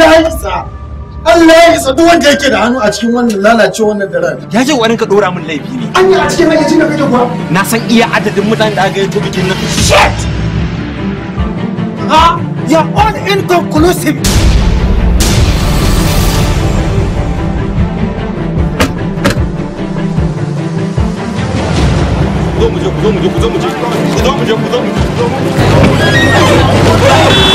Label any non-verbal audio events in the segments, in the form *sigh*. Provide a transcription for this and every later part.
Allah Allah ya isa duk wanda yake da hannu a cikin wannan lalace wannan daren ya ce warin ka dora min laifi ne an a cikin hayyacin da kake kuwa na san iya adadin mutanen da aka yi to bikin nan shit ha ya all inconclusive zo mu je ku zo mu je ku zo mu je ku zo mu je zo mu je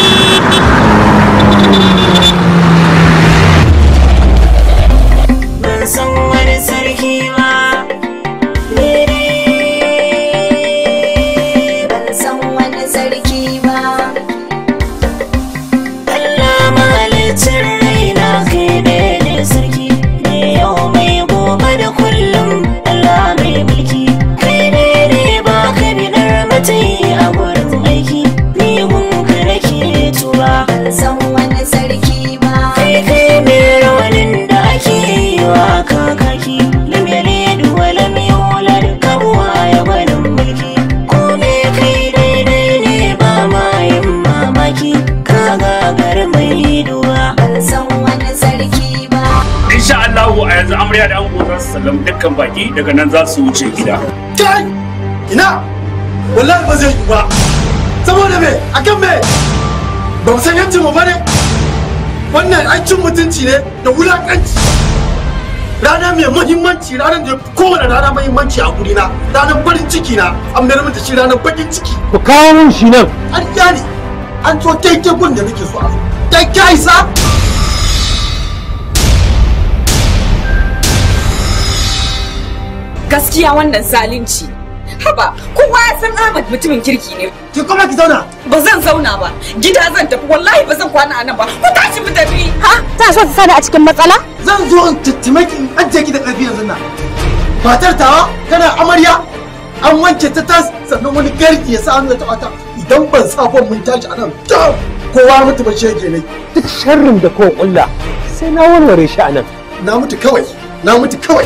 insha Allah a yanzu amarya da ango za su sallam dukkan baki daga nan za su wuce gida kai ina wallahi ba zai yi ba saboda me akan me ba san yanci mu bane wannan cin mutunci ne da wulakanci rana mai muhimmanci rana da kowane rana muhimmanci a na ranar farin ciki na an mayar mata shi ranar bakin ciki ku kawo mun shi nan an kyale an zo daidai gun da nake so a zo kai kai sa Gaskiya wannan zalunci. Haba, kowa ya san Ahmad mutumin kirki ne. Ki kuma ki zauna. Ba zan zauna ba. Gida zan tafi wallahi ba zan kwana anan ba. Ku tashi mu tafi. Ha? Ta so ta sani a cikin matsala? Zan zo in tattume ki in ajiye ki da ƙarfi yanzu nan. Matar tawa tana amarya. An wanke ta tas sannan wani garki ya sa hannu ya taɓa ta. Idan ban sa ban mun tashi a nan. Kowa mutu ba shege ne. Duk sharrin da kowa kulla, sai na warware shi anan. Na mutu kawai. Na mutu kawai.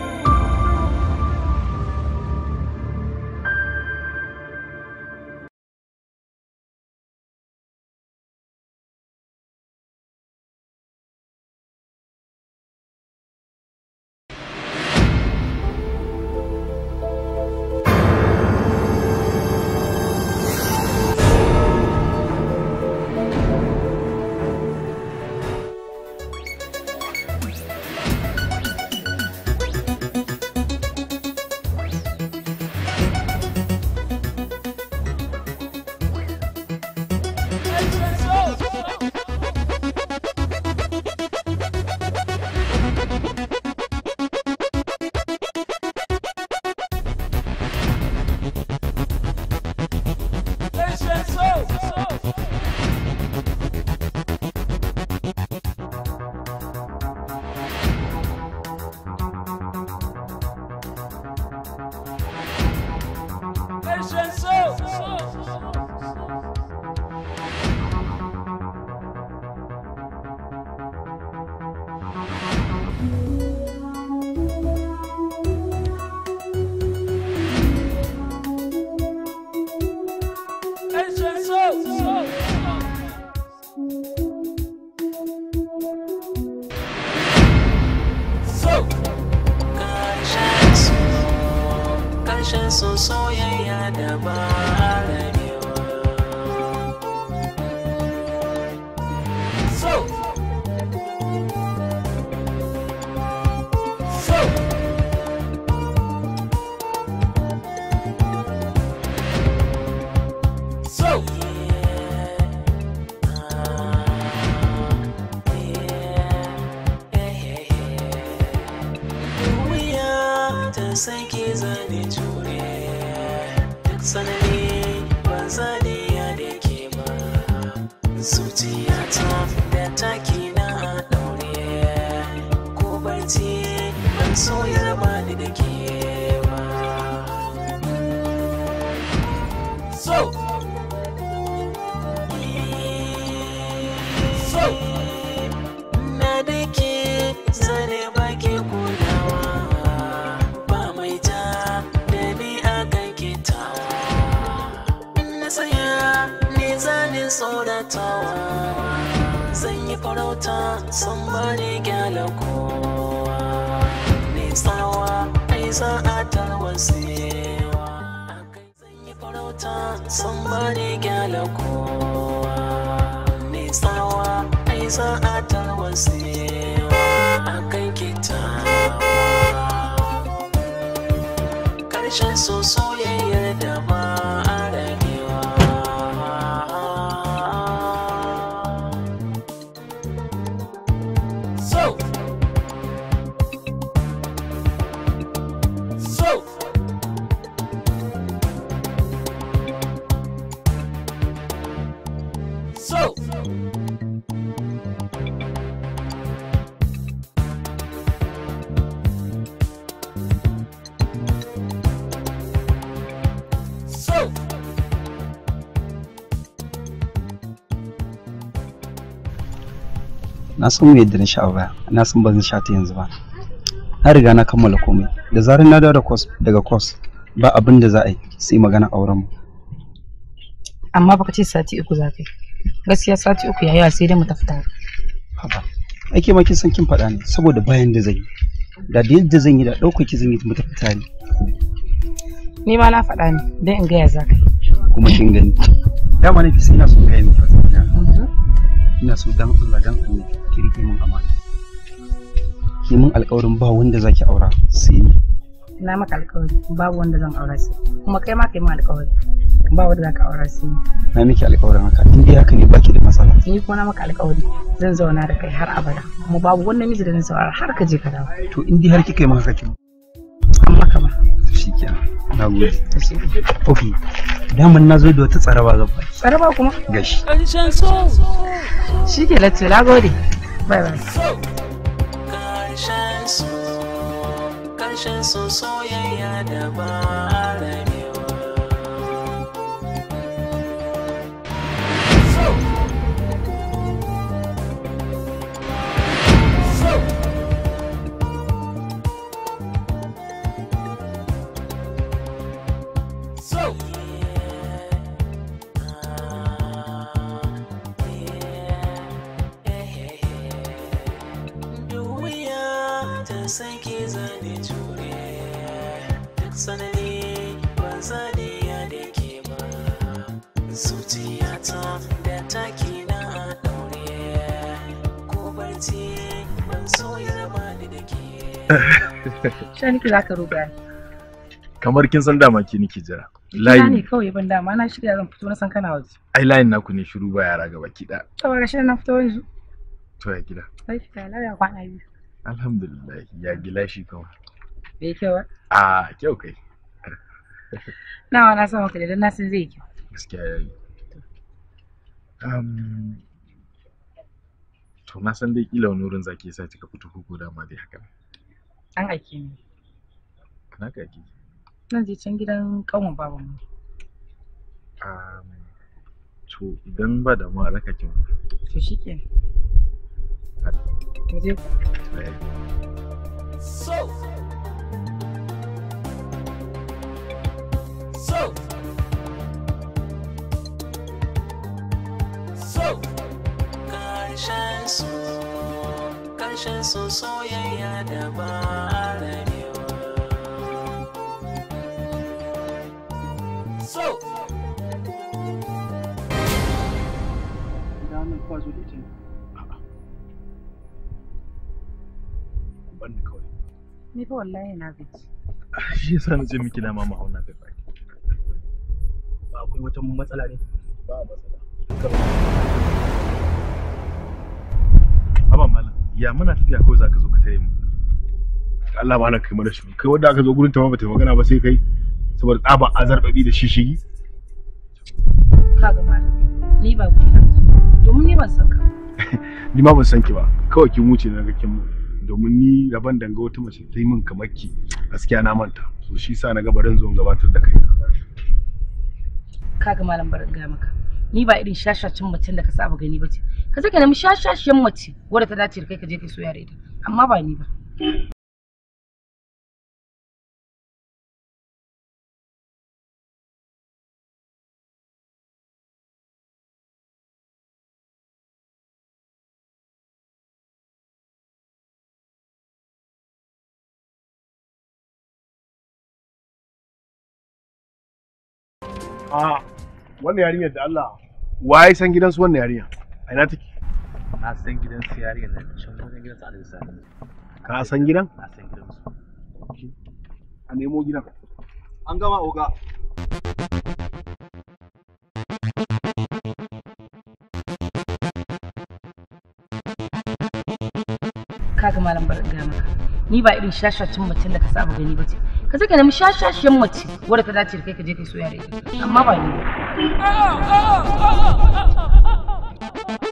ta sun bari gyala kowa nisawa ai za a farauta sun bari gyala kowa nisawa ai za a soso san yadda na sha baya na san ba zan sha ta yanzu ba na riga na kammala komai da zarar na dawo da course daga course ba abin da za a yi sai magana auren mu amma baka ce sati uku za ka yi gaskiya sati uku yayi sai dai mu tafi tare haba ake ma kin san kin faɗa ne saboda bayan da zan yi da da yadda zan yi da ɗaukar ki zan yi mu tafi ne ni ma na faɗa ne dan in gaya za ka yi kuma kin gani dama ne fi sai na so ni fa ina so dan Allah dan Allah ki rike min amana ki mun alƙawarin ba wanda zaki aura sai ni ina maka alƙawari babu wanda zan aura sai kuma kai ma kai mun alƙawari ba wanda zaka aura sai ni na miki alƙawarin haka in dai haka ne baki da matsala ni kuma na maka alƙawari zan zauna da kai har abada kuma babu wanda miji da zan saurara har ka je ka dawo to in dai har kika yi min haka kin kenan na gode ok na zo da wata tsaraba ga kuma gashi shi ke soyayya da Sha nake za roga ni. Kamar kin san dama ke nake jira. Layi ne kawai ban dama na shirya zan fito na san kana waje. Ai layin naku ne shiru ba yara gaba ki da. To ga shi na fito yanzu. To ya gida. Ai Sai ta lafiya kwana biyu. Alhamdulillah ya gila shi kawai. Me kyau ba? Ah kyau kai. *laughs* Nawa na sama kai dan na san zai kyau. Gaskiya yayi. Um, to na san dai kila wani wurin zaki sa kika fito ko da ma dai haka. ne. an aike ni na ka nan je can gidan kanwan baban mu ah, to idan ba da mu a kin to shike so ƙarshen su soyayya da ba So! Ni fa wallahi na Shi yasa na miki dama ma hauna kai baki. Ba akwai wata matsala ne? Ba matsala. ya muna tafiya kawai za ka zo ka tare mu Allah ba na kai mana shi kai wanda aka zo gurin ta ma bata magana ba sai kai saboda tsaba azarbabi da shishigi kaga malami ni ba gurin domin ni ban san ka *laughs* ni ma ban san ki ba kawai kin wuce na ga kin domin ni daban danga wata mace ta yi min kamar ki gaskiya na manta so shi sa na ga barin zo gabatar da kai kaga malam barin ga maka ni ba irin shashashin macen da ka saba gani ba ce ka sake mu shashashin mace wadda ta dace da kai ka je ka soya da ita amma ba ni ba Ah. wannan yarinyar da Allah waye san gidansu wannan yarinya a ina take na san gidan su yarinyar nan can wajen gidan su Sani ka san gidan na san gidan su a nemo gidan an gama oga kaga malam bar maka ni ba irin shashacin mutum da ka saba gani ba ce ka sake nemi shashashiyan mace wadda ta dace kai ka je ka soya da ita amma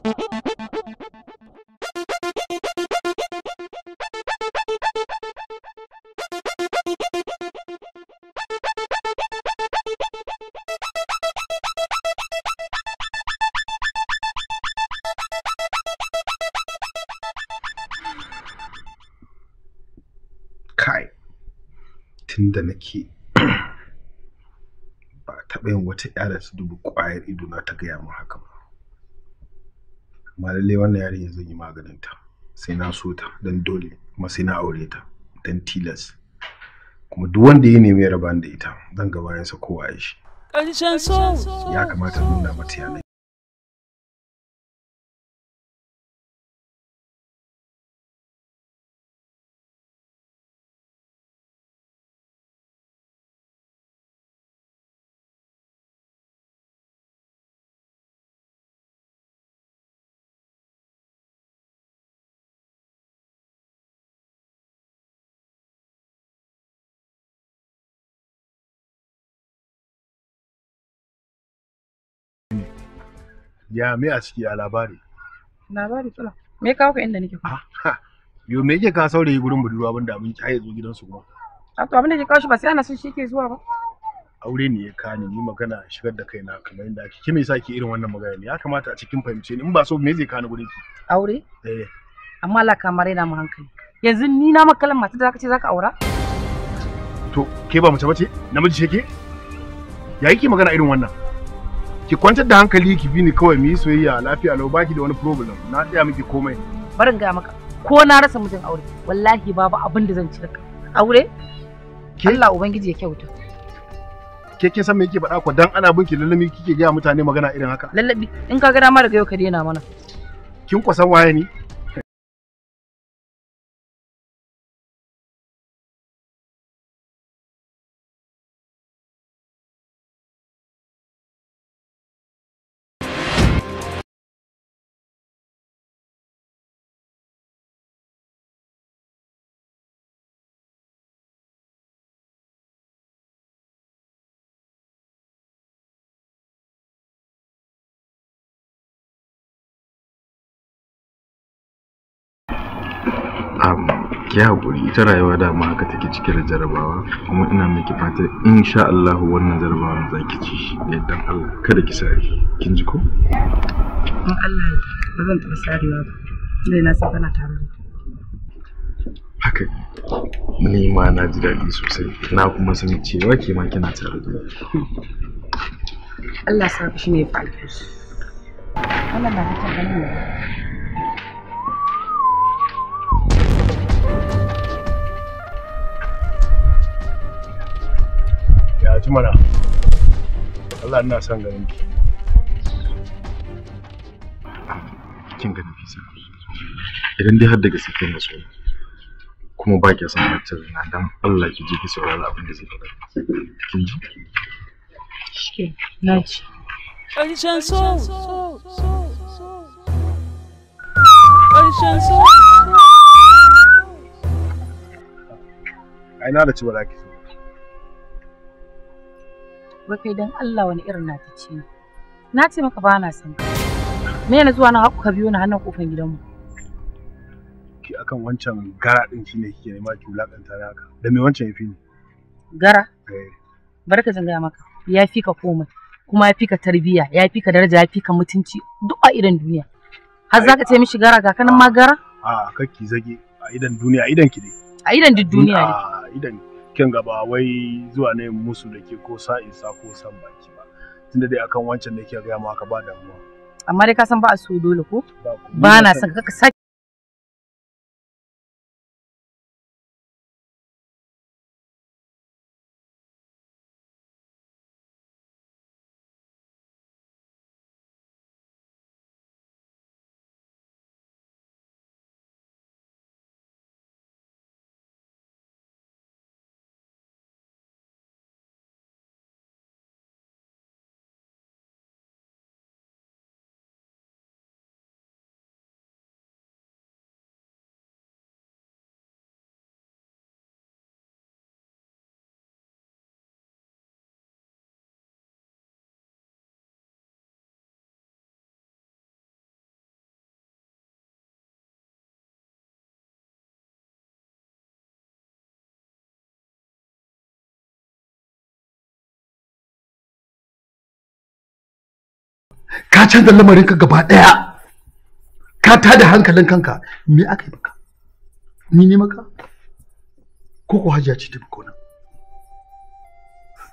ba ni ba ke ba a taɓa yin wata yara da dubu dubi ƙwayar ido na ta gaya min haka ba amma lallai wannan yarinya zan yi maganin ta sai na so ta don dole kuma sai na aure ta don tilas kuma duk wanda ya nemi ya raba da ita zan ga bayansa kowa ya shi ƙarshen ya kamata nuna mata yanayi ya me a ciki a labari labari tsala me kawo ka inda nake kuma yo me yake ka saurayi gurin budurwa banda abin ki zo gidansu kuma a to abin da ke kawo shi ba sai ana son shi ke zuwa ba aure ne ya kani ni magana shigar da kaina kamar inda ake ki me yasa ki irin wannan magana ne ya kamata a cikin fahimce ni in ba so me zai kani gurin ki aure eh amma la kamar yana mu hankali yanzu ni na makalan mata da zaka ce zaka aura to ke ba mace bace namiji ce ke yayi k'i magana irin wannan ki kwantar da hankali ki bi ni kawai mu yi soyayya lafiya lau baki da wani problem na tsaya miki komai barin ga maka ko na rasa mijin aure wallahi babu abin da zan ci daga aure Allah ubangiji ya kyauta ke ke san me yake faɗa ko dan ana ki lallabi kike ga mutane magana irin haka lallabi in ka ga dama daga yau ka daina mana kin kwasan waye ni ki haƙuri ita rayuwa dama haka take cike da jarabawa kuma ina miki fatan insha Allah wannan jarabawan za ki ci yadda Allah kada ki sare kin ji ko in Allah ya ba zan taɓa sarewa ba dai na san na tare da haka ni ma na ji daɗi sosai na kuma san cewa ke ma kina tare da Allah sa shi ne fa Allah ba ta ganin su mana Allah ina son ganin ki kin ga Nafisa idan dai har da gaske kin so kuma ba ki san matar na dan Allah ki ji ki saurara abin da zai faɗa kin ji shike na ji ƙarshen so ƙarshen so ai na da ci ba za ki so kuma kai dan Allah wani irin na ta ce na ce maka ba na san ka me yana zuwa nan haku ka biyo na hannun kofar gidanmu ki akan wancan gara din shine kike nema ki wulakanta da haka da me wancan yafi ni gara eh. barka zan gaya maka ya fi ka komai kuma ya fi ka tarbiya ya fi ka daraja ya fi ka mutunci duk a idan duniya har zaka ce mishi gara ga kanan ma gara a kakki zage a idan duniya a idan ki dai a idan duk duniya ne a idan binciken gaba wai zuwa na yin musu da ke ko sa'isa ko san baki ba tunda dai akan wancan da ke gaya maka ba damuwa amma dai ka san ba a dole ko ba na son ka ka canza lamarin ka gaba daya ka tada hankalin kanka me aka yi maka ni ne maka ko ko hajiya ce ta kona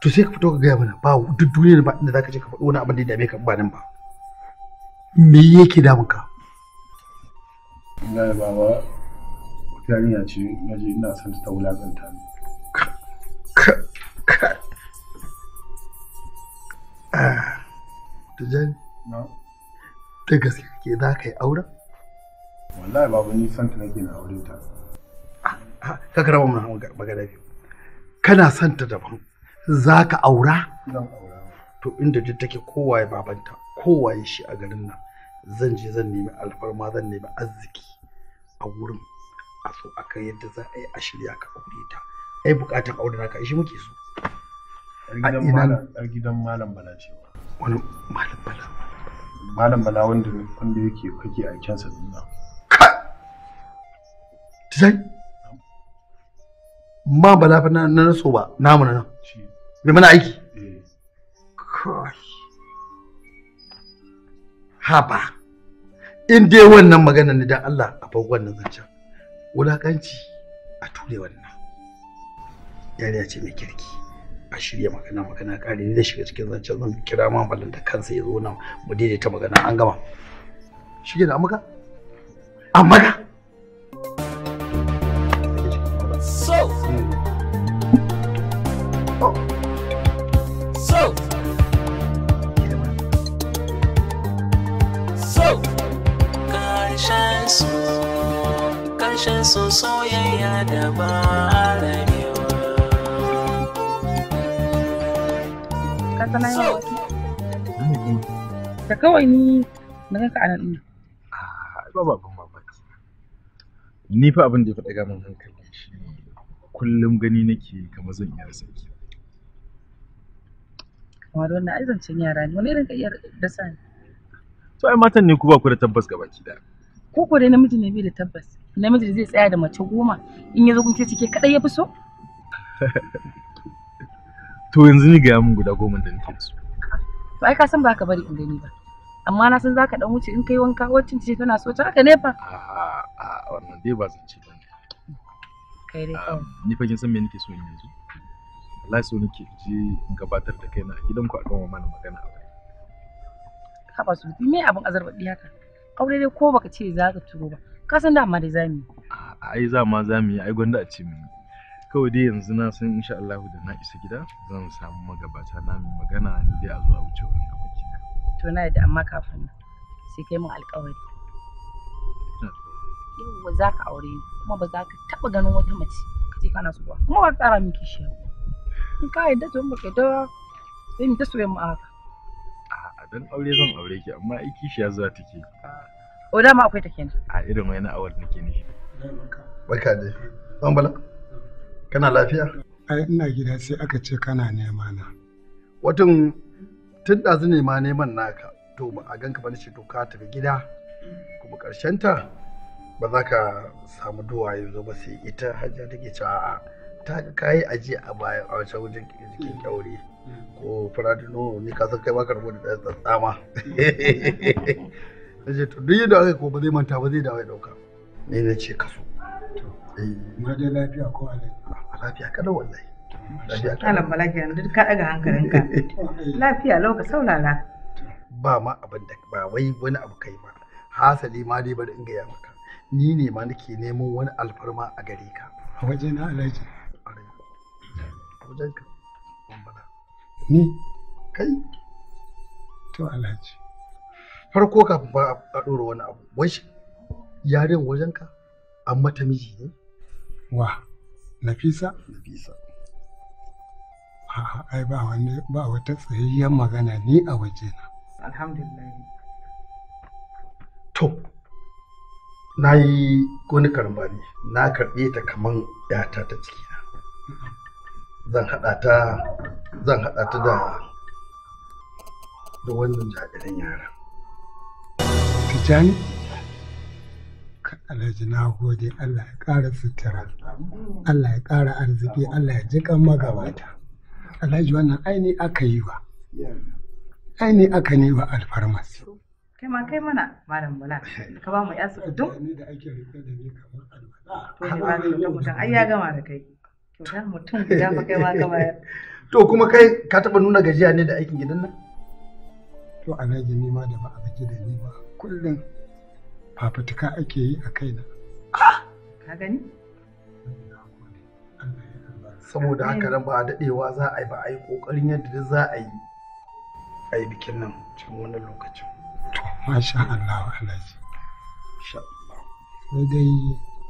to sai ka fito ka gaya mana ba duk duniyar ba inda zaka je ka faɗi wani abin da ya dame ka ba nan ba me yake damun ka wallahi baba yarinya ce naje ina son ta wulakanta ni ka ka ah to da gaske ke za ka yi auren? wallahi babu ni son ta nake na aure ta ah, ah, ka karaba mun magana biyu kana son ta daban za ka aura? to inda duk take kowaye babanta kowaye shi a garin nan zan je zan nemi alfarma zan nemi arziki a wurin a so a kai yadda za a yi a shirya ka aure ta ai bukatar aure naka shi muke so a gidan malam bala cewa wani malam bala malam bala wanda wanda yake fage a kyansa dinnan sai ma bala fa na na so ba namu na nan me mana aiki eh. haba in dai wannan magana ne dan Allah a fago wannan zancen wulakanci a ture wannan yariya ce mai kirki a shirya magana magana kare ni da shiga cikin zancen zan kira ma mallan da kansa ya zo nan mu daidaita magana an gama shige da amaka amaka so so so karshen so karshen so soyayya da ba nan yau da kawai ni na ganka a nan ɗin ah, ba babban mamaki ni fa abin da ya faɗa ga min hankali shi kullum gani nake kamar zan iya rasa ki kamar wannan ai zancen yara ne wani irin ka iya dasa ne to ai matan ne ku ba ku da tabbas gaba ki da ko ko dai namiji ne bai da tabbas namiji zai tsaya da mace goma in ya zo kun ce cike kadai ya fi so *laughs* to yanzu ni gaya min guda goma da nake su to ai ka san ba ka bari in gani ba amma na san zaka dan wuce in kai wanka wacin ce tana so ta haka ne fa a wannan dai ba zan ci ba kai dai kawai ni fa kin san me nake so in yanzu wallahi so nake je in gabatar da kaina a gidanku a kan mana magana a ka ba su me abin azarbaɗi haka aure dai ko baka ce za ka turo ba ka san da amma dai zamu yi ai za ma zamu yi ai gwanda a ce mu kawai dai yanzu na san insha Allah da na isa gida zan samu magabata na mai magana ni dai a zuwa wuce wurin gaban kina to na yadda amma kafin nan sai kai min alƙawari yau za ka aure ni kuma ba za ka taɓa ganin wata mace ka ce kana so ba kuma ba tsara miki shi in ka yadda to in baka yadda sai mu ta soyayya mu haka a dan aure zan aure ki amma ai kishiya zuwa take o dama akwai ta kenan a irin wani awal nake ne barka dai ban bala Kana lafiya? Ai ina gida sai aka ce kana nema na. Watan tun ɗazu ne ma neman naka to ba a ganka ba ce to ka tafi gida kuma ta ba za ka samu duwa yanzu ba sai ita hajja take cewa a'a ta yi aji a baya a wajen wajen jikin kyaure mm. ko furadino ni ka san kai baka rubu da tsatsama mm. *laughs* na ce to duk yadda aka ko ba zai manta ba zai dawo ya dauka ne na ce kaso. na eh. dai lafiya ko alaikum. lafiya kada wallahi kalan malaki yanzu duk ka daga hankalinka *laughs* lafiya lauka ka saulala ba ma abin da ba wai wani abu kai ba hasali ma dai bari in gaya maka ni ne ma nake neman wani alfarma a gare ka a waje na alhaji a wajen ka ni kai to alhaji farko kafin ba a ɗora wani abu wai yaren wajen ka an mata miji ne wa Nafisa? Nafisa. A'a, ai ba wani ba wata tsayayyen magana ni a wajena. Alhamdulillah. To, na yi wani na karɓe ta kaman yata ta cikina. Zan haɗa ta, zan haɗa ta da da wannan jaririn yaran. Tijani? alhaji na gode Allah ya ƙara sutura Allah ya ƙara arziki Allah ya ji kan magabata alhaji wannan aini aka yi aini aka ne ba kai ma kai mana malam bala ka ba mu ya su duk ni da ake rike da ni kamar to ne ba da mutum ai ya gama da kai mutum guda ba kai ma ka bayar *laughs* to kuma kai ka taba nuna gajiya ne da aikin gidan nan to alhaji ni ma da ba a gaji da ni ba kullum fafutuka ake yi a kaina. Ah! Ka gani? Saboda haka nan ba a daɗewa za a yi ba a yi ƙoƙarin yadda za a yi a yi bikin nan cikin wannan lokacin. To, masha Allah Alhaji. Sai dai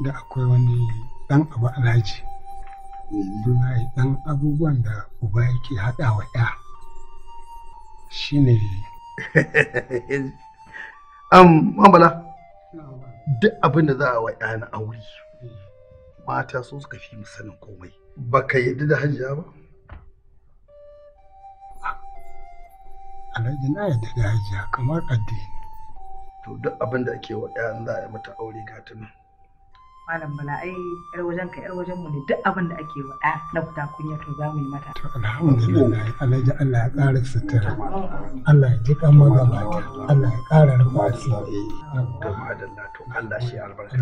da akwai wani ɗan abu Alhaji. Mm-hmm. yi ɗan abubuwan da uba yake haɗa wa ‘ya shi ne. *laughs* Am, Bala. duk abin da za a wa ɗana aure mata so suka fi sanin komai baka yadda da hajiya ba alhaji na yadda da hajiya kamar addini to duk abin da ake wa ɗayan za a yi mata aure ga nan malam bala ai yar wajen ka yar wajen mu ne duk abin da ake wa ɗa na kuta kunya to za mu yi mata to alhamdulillah alhaji Allah ya ƙara sutura Allah ya jika mu ga baki Allah ya ƙara rufa asiri to madalla to Allah shi albarka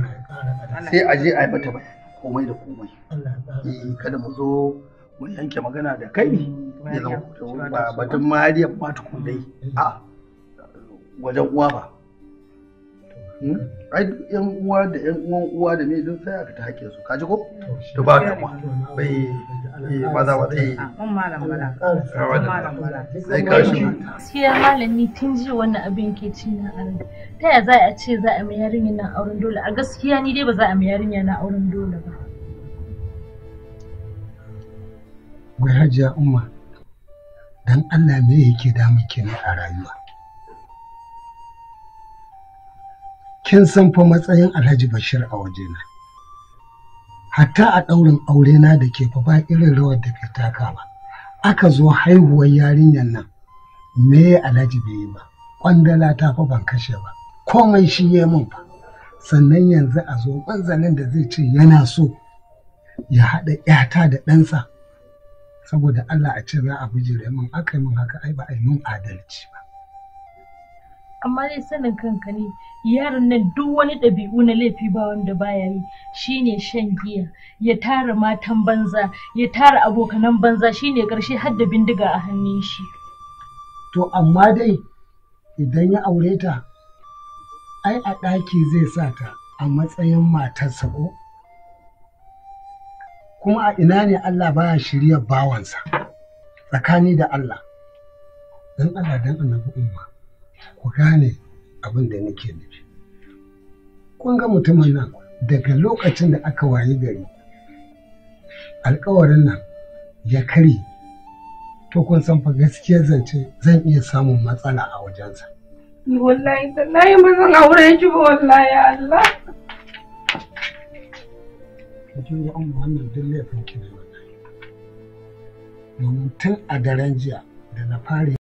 sai a je a yi mata komai da komai Allah ya eh, kada mu zo mu yanke magana da kai ba zama batun mariyar tukun dai mm. a wajen uwa ba Hmm? ai yan uwa da yan uwan uwa da me din sai aka ta hake su kaji ko to ba ka ma bai ba za ba dai an malam bala sai ka shi gaskiya malami tun ji wannan abin ke cin na aran ta ya za a ce za a mai yarinya na auren dole a gaskiya ni dai ba za a mai yarinya na auren dole ba wai hajiya umma dan Allah me yake damun kenan a rayuwa kin san fa matsayin Alhaji Bashir a wajena. Hatta a ɗaurin aurena da ke fa ba irin rawar da ke taka ba. Aka zo haihuwar yarinyar nan, me Alhaji bai yi ba, ƙwandala ta fa ban kashe ba, komai shi ya min fa. Sannan yanzu a zo manzanin da zai ce yana so ya haɗa ‘yata da ɗansa, saboda Allah a ce za a bijire min aka yi min haka ai ba a yi min adalci ba. amma dai sanin kanka ne yaron nan duk wani ɗabi'u na laifi ba wanda baya yi shine shan giya ya tara matan banza ya tara abokanan banza shine ƙarshe har da bindiga a hannun shi to amma dai idan ya aure ta ai a ɗaki zai sa ta a matsayin matarsa ko kuma a ina ne Allah baya shirya bawansa tsakani da Allah dan Allah dan annabi umma ku gane abin da nake nufi kun ga mutumin nan daga lokacin da aka wayi gari alkawarin nan ya kare to kun san fa gaskiyar zance zan iya samun matsala a wajensa wallahi na yi mazan aure ki ba wallahi Allah Mutum ya an wannan duk laifin ki ne domin tun a daren jiya da na fara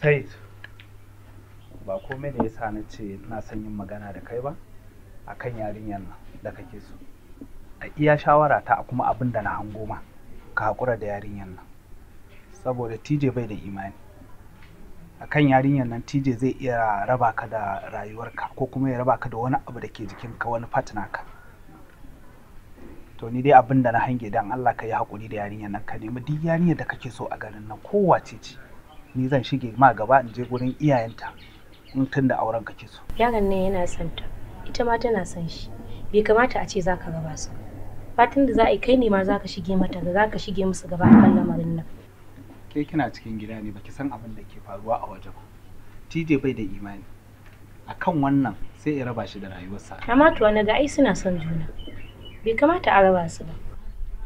Said, ba komai ne yasa na ce na son yin magana da kai ba a kan yarinyar nan da kake so. A iya shawara ta kuma abin da na hango ma ka haƙura da yarinyar nan. Saboda TJ bai da imani. A kan yarinyar nan TJ zai iya raba ka da rayuwarka ko kuma ya raba ka da wani abu da ke jikinka wani fatinaka. ka. to ni dai abin da na hange dan Allah ka yi hakuri da yarinyar nan ka nemi duk yarinya da kake so a garin nan kowace ce ni zan shige ma gaba in je gurin iyayenta in tunda auren kake so yaron nan yana son ta ita ma tana son shi bai kamata a ce zaka gaba su fatan da za a yi kai ne ma zaka shige mata da zaka shige musu gaba akan lamarin nan ke kina cikin gida ne baki san abin da ke faruwa a waje ba TJ bai da imani akan wannan sai ya raba shi da rayuwarsa amma to na ga ai suna son juna bai kamata a raba su ba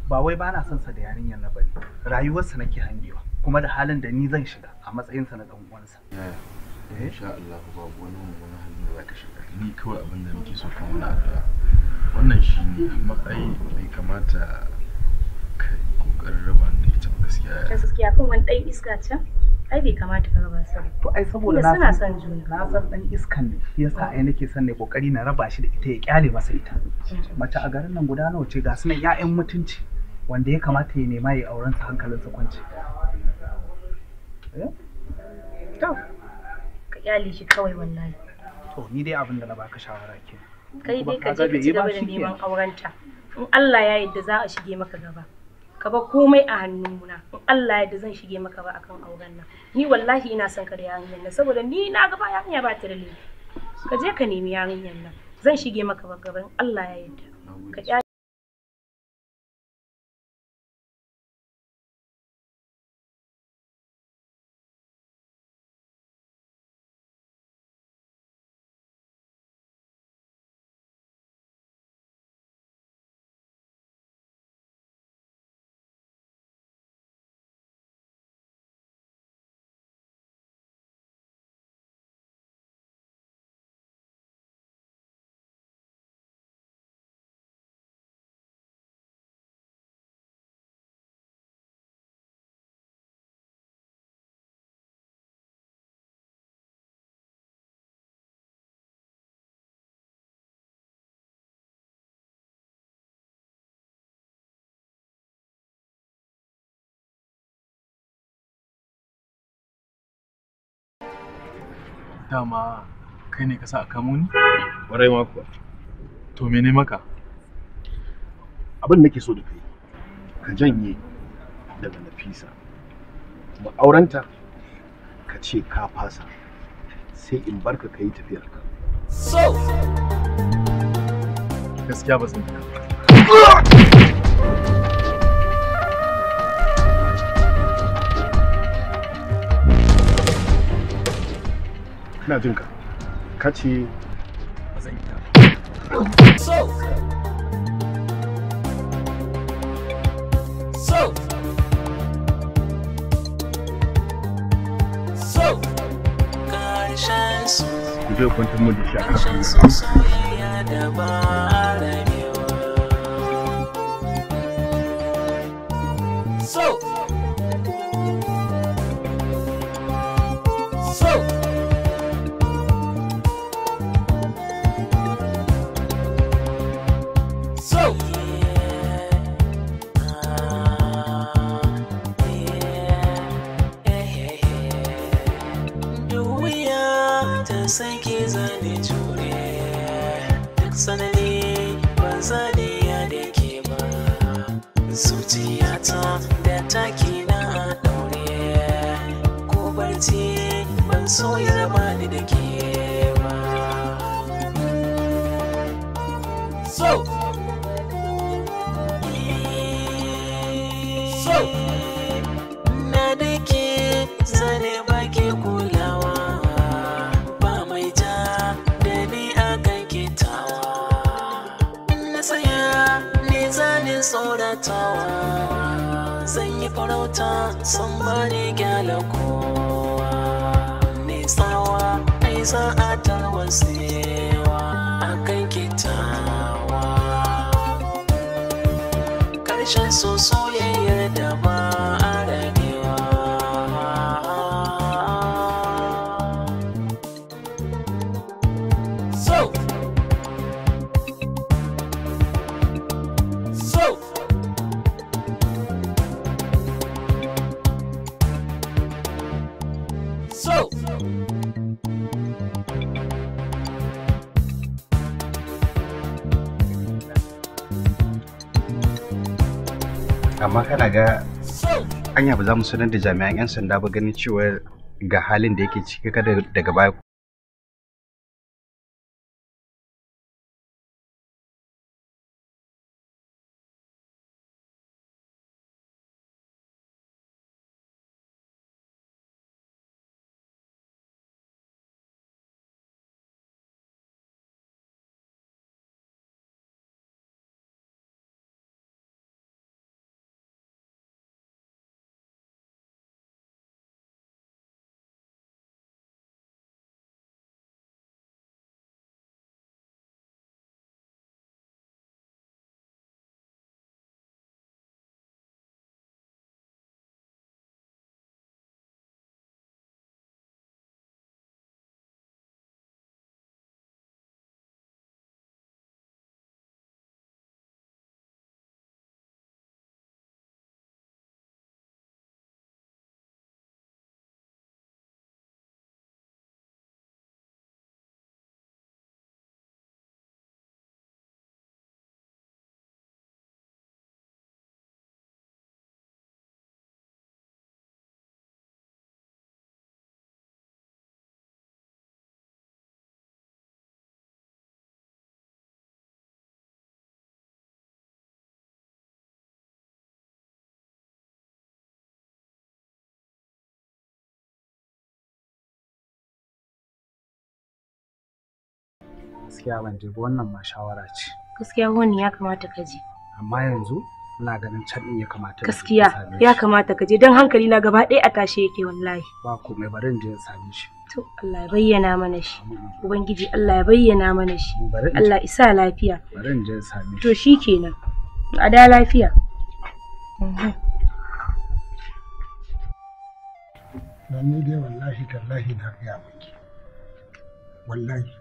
ba wai ba na son sa da yarinyar na bane rayuwarsa nake hangewa kuma da halin da ni zan shiga a matsayinsa na dan uwansa eh, eh? insha Allah babu wani wani halin da zaka shiga ni kawai abin da nake so ka wani addu'a wannan shine matsayi bai kamata ka kokarin raba ni ta gaskiya gaskiya kan wani dan iska can ai bai kamata ka raba su to ai saboda na suna son juna na san dan iskan ne shi yasa ai nake son ne kokari na raba shi da ita ya kyale masa ita mace a garin nan guda nawa ce ga su nan ƴaƴan mutunci wanda ya kamata ya nema ya auren sa hankalin sa kwance eh? to ka kyale shi kawai wallahi to ni dai abin da na baka shawara ke kai dai ka je ka ci gaba da neman aurenta in Allah ya yarda za a shige maka gaba ka ba komai a hannuna in Allah ya yarda zan shige maka ba akan auren nan ni wallahi ina son da yarinyar nan saboda ni na ga ba yarinya ba ta da ka je ka nemi yarinyar nan zan shige maka gaban Allah ya yarda ka dama kai ne ka sa a kamo ni? Warai ma kuwa. To mene maka? Abin da nake so da kai, ka janye daga Nafisa. Ba aurenta ka ce ka fasa sai in barka ka yi tafiyar ka. So! Gaskiya ba zan ina jin ka ka ce so so so ku je kwantar mu da shi a kan So. Na da ke zane baki kulawa ba mai ja da ni a kan kitawa. Na saya ne zanen tsoratawa zan yi farauta sun bari ni gyala kowa. nisawa tsawa ai a tarwatse. za mu sanar da jami'an 'yan sanda ba ganin cewa ga halin da yake ciki kada daga baya gaskiya ban je ba wannan ma shawara ce gaskiya wani ya kamata ka je amma yanzu ina ganin can din ya kamata gaskiya ya kamata ka je don hankali na gaba ɗaya a tashe yake wallahi ba ku mai barin je ya same shi to Allah ya bayyana mana shi ubangiji Allah ya bayyana mana shi Allah isa lafiya Barin je in same shi to shikenan a da lafiya mhm. Dan ni dai wallahi tallahi na gaya miki wallahi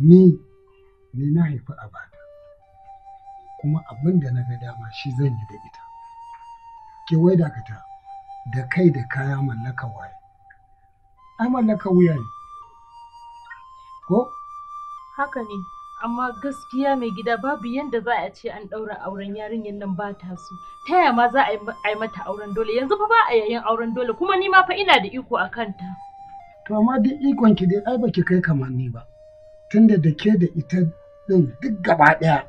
ni ni na haifi abada kuma abin da na ga dama shi zan yi da ita ke wai dakata da kai da kaya mallaka waye ai mallaka wuya ne ko haka ne amma gaskiya mai gida babu yadda za a ce an ɗaura auren yarinyar nan ba ta su, ta yaya ma za a yi mata auren dole yanzu fa ba a yayin auren dole kuma ni ma fa ina da iko a kanta to amma duk ikon ki dai ai baki kai kamar ni ba tunda da ke da ita ɗin duk gaba ɗaya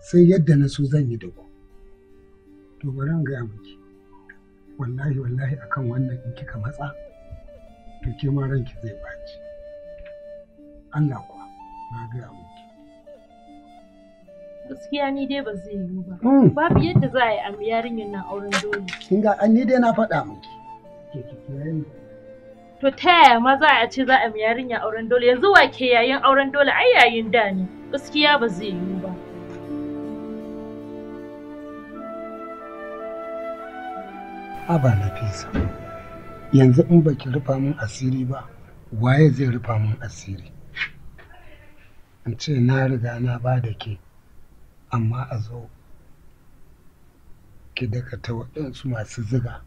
sai yadda na so zan yi da ku. To bari in gaya miki, wallahi wallahi akan wannan in kika matsa, to ke ma ranki zai baci. Allah kuwa na gaya miki. Gaskiya ni dai ba zai yiwu ba. Hmm. Babu yadda za a yi yarinyar nan auren dole. Kin ga ni dai na faɗa miki. Ke ki kiyaye to ta yaya ma za a ce za a mi yarinya auren dole yanzu wa ke yayin auren dole ai yayin da ne gaskiya ba zai yiwu ba Aba fisa. yanzu in baki rufa min asiri ba, waye zai rufa min asiri? In ce na riga na ba da ke, amma a zo ki daga ta waɗansu masu ziga.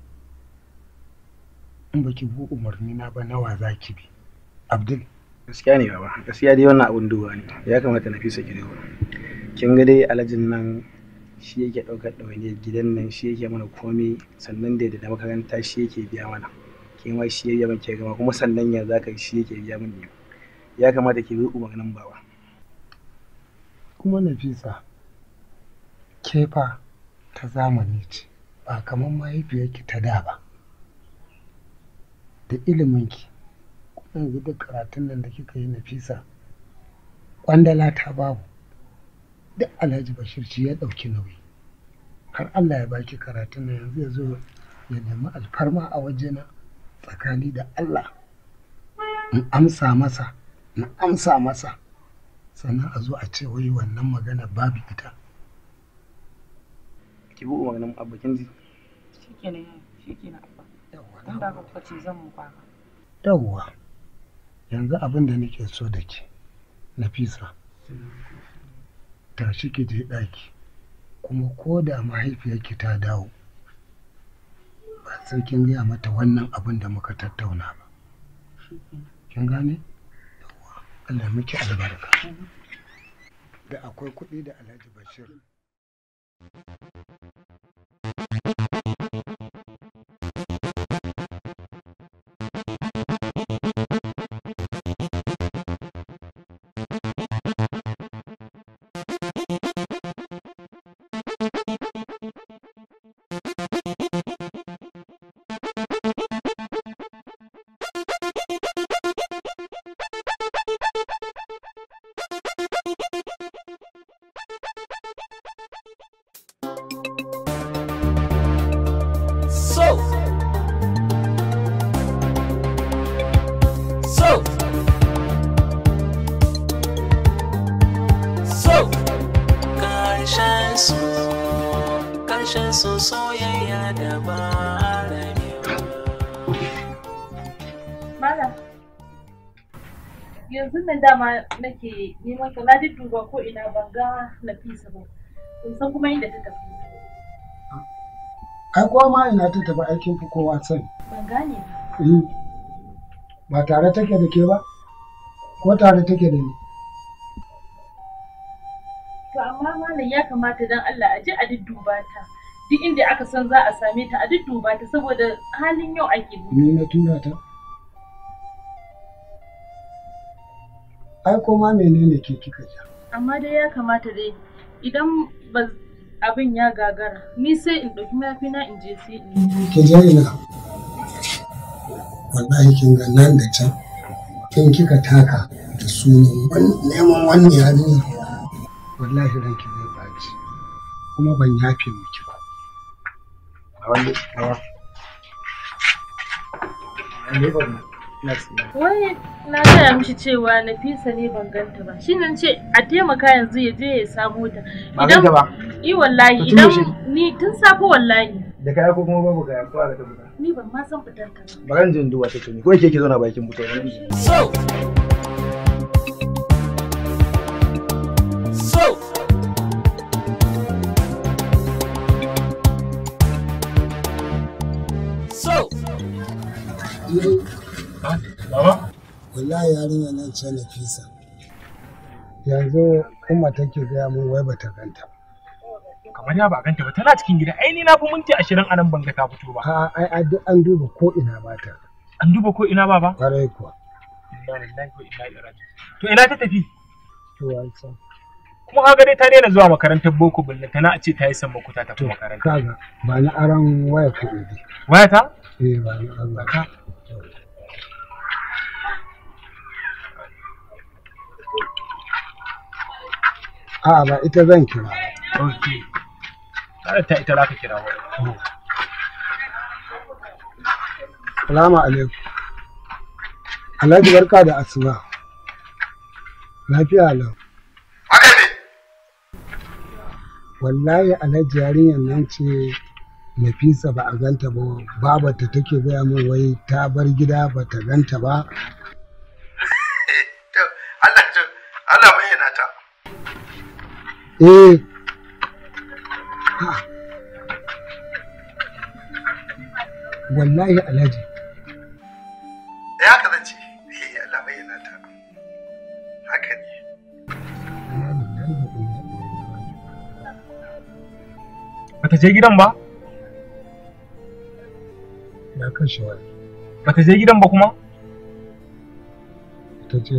in baki bu umarni na ba nawa za ki bi abdul gaskiya ne baba gaskiya dai wannan abun duwa ne ya kamata na fi saki kin ga dai alajin nan shi yake ɗaukar wani gidan nan shi yake mana komai sannan da da makaranta shi yake biya mana kin ma shi yake ban ke gama kuma sannan ya zaka shi yake biya mun ne ya kamata ki zo umarnin baba kuma nafisa kefa ta zamani ce ba kamar mahaifiyarki ta da ba da iliminki yanzu duk karatun nan da kika yi na fisa kwandala ta babu duk alhaji bashir shi ya ɗauki nauyi har allah ya baki karatun nan yanzu ya zo ya nemi alfarma a wajena tsakani da allah in amsa masa sana'a amsa masa sannan a zo a ce wai wannan magana babu ita ki bu maganin abokin ji shikenan shikenan in yanzu abin da nake so da ke nafisa tashi ki je ɗaki kuma ko da mahaifiyarki ta dawo ba sai kin gaya mata wannan abin da muka tattauna ba kin gane Allah miki albarka da akwai kuɗi da Alhaji Bashir nan dama nake neman ka na duba ko ina ban ga fisa ba. in san kuma inda ta tafi. Ai kowa ma ina ta tafi aikin ku kowa sani. Ban gane ba. Eh, ba tare take da ke ba? Ko tare take da ni? To amma malam ya kamata dan Allah a ji a dudduba ta. Duk inda aka san za a same ta a dudduba ta saboda halin yau ake. Ni na tura ta. ai kuma menene ke kika ja amma dai ya kamata dai idan ba abin ya gagara ni sai in ɗauki mafina in je sai in ke je ina wallahi kin ga nan da can kin kika taka da sunan neman wani ne. wallahi ranki zai baci kuma ban yafe miki ba a wani ba Wai na gaya mishi cewa Nafisa ne ban ganta ba. Shi nan ce a taimaka yanzu ya je ya samo ta. ganta ba. I wallahi idan ni tun safe wallahi. Da kaya ko kuma babu kaya ko a ga ta Ni ban ma san fitar ka. Baran jin duwa take ni. Ko yake ke zauna bakin buta. So. So. So. wallahi yarinya nan ce na fisa yanzu umma take gaya mun wai bata ganta kamar ya ba ganta ba tana cikin gida ai ni na fi minti ashirin anan ban ga ta fito ba a'a ai an duba ko ina ba ta an duba ko ina ba ba kwarai kuwa to ina ta tafi to wancan kuma kaga dai ta daina zuwa makarantar boko ballanta na ce ta yi san makuta ta tafi makaranta kaga ba na aran waya kuɗi waya ta eh ba na aran A'a ba ita zan kira. Ok. Kada ta ita za kira wa. Salamu alaikum. Alhaji barka da asuba. Lafiya lau. Wallahi Alhaji yarinyar nan ce Nafisa ba a ganta ba babarta take gaya min wai ta bar gida ba ta ganta ba eh wallahi alhaji ya ka zance eh Allah ta haka ne bata je gidan ba ya kashe bata je gidan ba kuma Bata je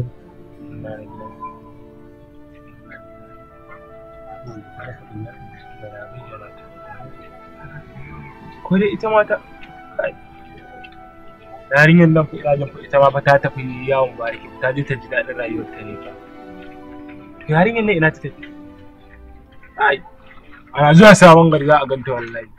ko dai ita ma ta yarinyar nan ko ina jin ko ita ma fa ta tafi yawon bariki ta je ta ji daɗin rayuwar ta ne fa to yarinyar nan ina ta tafi ai ana zuwa sabon gari za a ganta wallahi